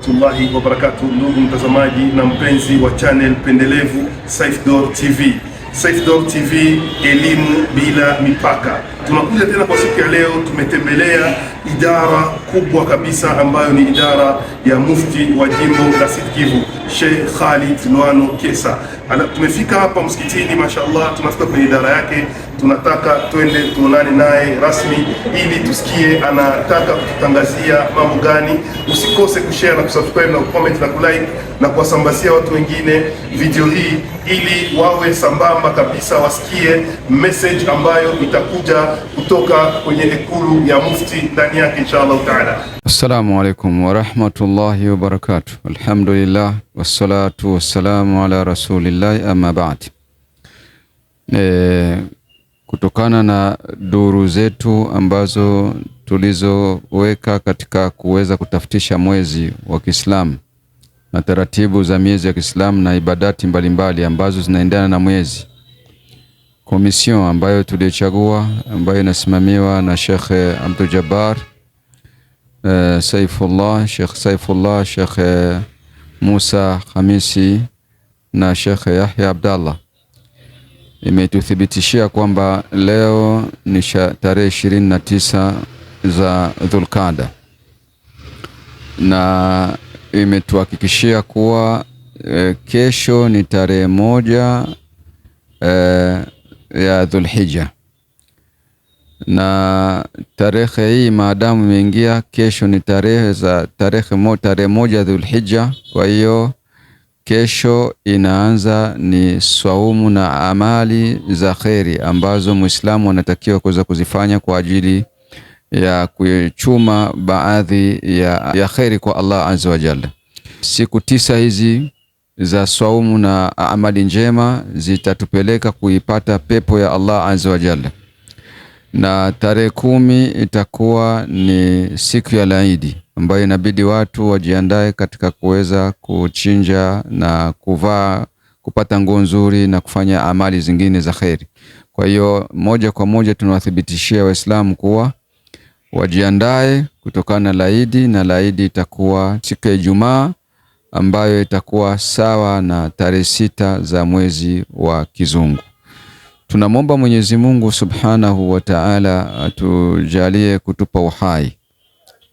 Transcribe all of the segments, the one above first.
rahmatullahi wabarakatu Ndugu mtazamaji na mpenzi wa channel pendelevu Saifdor TV, Saifdor TV, elimu bila mipaka. Tunakuja tena kwa siku ya leo, tumetembelea idara kubwa kabisa ambayo ni idara ya mufti wa jimbo la Sud Kivu Sheikh Khalid Lwano Kesa. Tumefika hapa msikitini, mashallah, tunafika kwenye idara yake tunataka twende tuonane naye rasmi ili tusikie anataka kututangazia mambo gani. Usikose kushare na kusubscribe na kucomment na kulike na kuwasambazia watu wengine video hii, ili wawe sambamba kabisa, wasikie message ambayo itakuja kutoka kwenye ekulu ya mufti ndani yake inshallah taala. Assalamu alaikum warahmatullahi wabarakatuh. Alhamdulillah wassalatu wassalamu ala rasulillahi amma ba'd. Eh, kutokana na duru zetu ambazo tulizoweka katika kuweza kutafutisha mwezi wa Kiislamu na taratibu za miezi ya Kiislamu na ibadati mbalimbali mbali ambazo zinaendana na mwezi. Komision ambayo tulichagua ambayo inasimamiwa na Sheikh Abdul Jabbar uh, Saifullah, Sheikh Saifullah, Sheikh Musa Khamisi na Sheikh Yahya Abdallah imetuthibitishia kwamba leo ni tarehe ishirini na tisa za Dhulkada na imetuhakikishia kuwa e, kesho ni tarehe moja e, ya Dhulhija na tarehe hii maadamu imeingia, kesho ni tarehe za tarehe mo, tarehe moja Dhulhija, kwa hiyo Kesho inaanza ni swaumu na amali za kheri ambazo Muislamu anatakiwa kuweza kuzifanya kwa ajili ya kuchuma baadhi ya, ya kheri kwa Allah azza wa jalla. Siku tisa hizi za swaumu na amali njema zitatupeleka kuipata pepo ya Allah azza wa jalla na tarehe kumi itakuwa ni siku ya laidi ambayo inabidi watu wajiandae katika kuweza kuchinja na kuvaa kupata nguo nzuri na kufanya amali zingine za kheri. Kwa hiyo moja kwa moja tunawathibitishia Waislamu kuwa wajiandae kutokana na laidi, na laidi itakuwa siku ya Ijumaa ambayo itakuwa sawa na tarehe sita za mwezi wa kizungu. Tunamwomba Mwenyezi Mungu Subhanahu wa Ta'ala atujalie kutupa uhai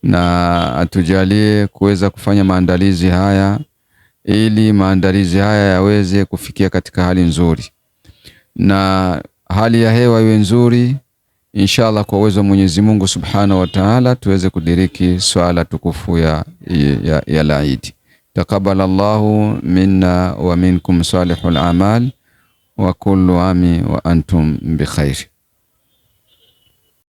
na atujalie kuweza kufanya maandalizi haya ili maandalizi haya yaweze kufikia katika hali nzuri na hali ya hewa iwe nzuri inshallah, kwa uwezo wa Mwenyezi Mungu Subhanahu wa Ta'ala tuweze kudiriki swala tukufu ya, ya, ya laidi. Taqabbalallahu minna wa minkum salihul amal wa kullu ami wa antum bikhairi.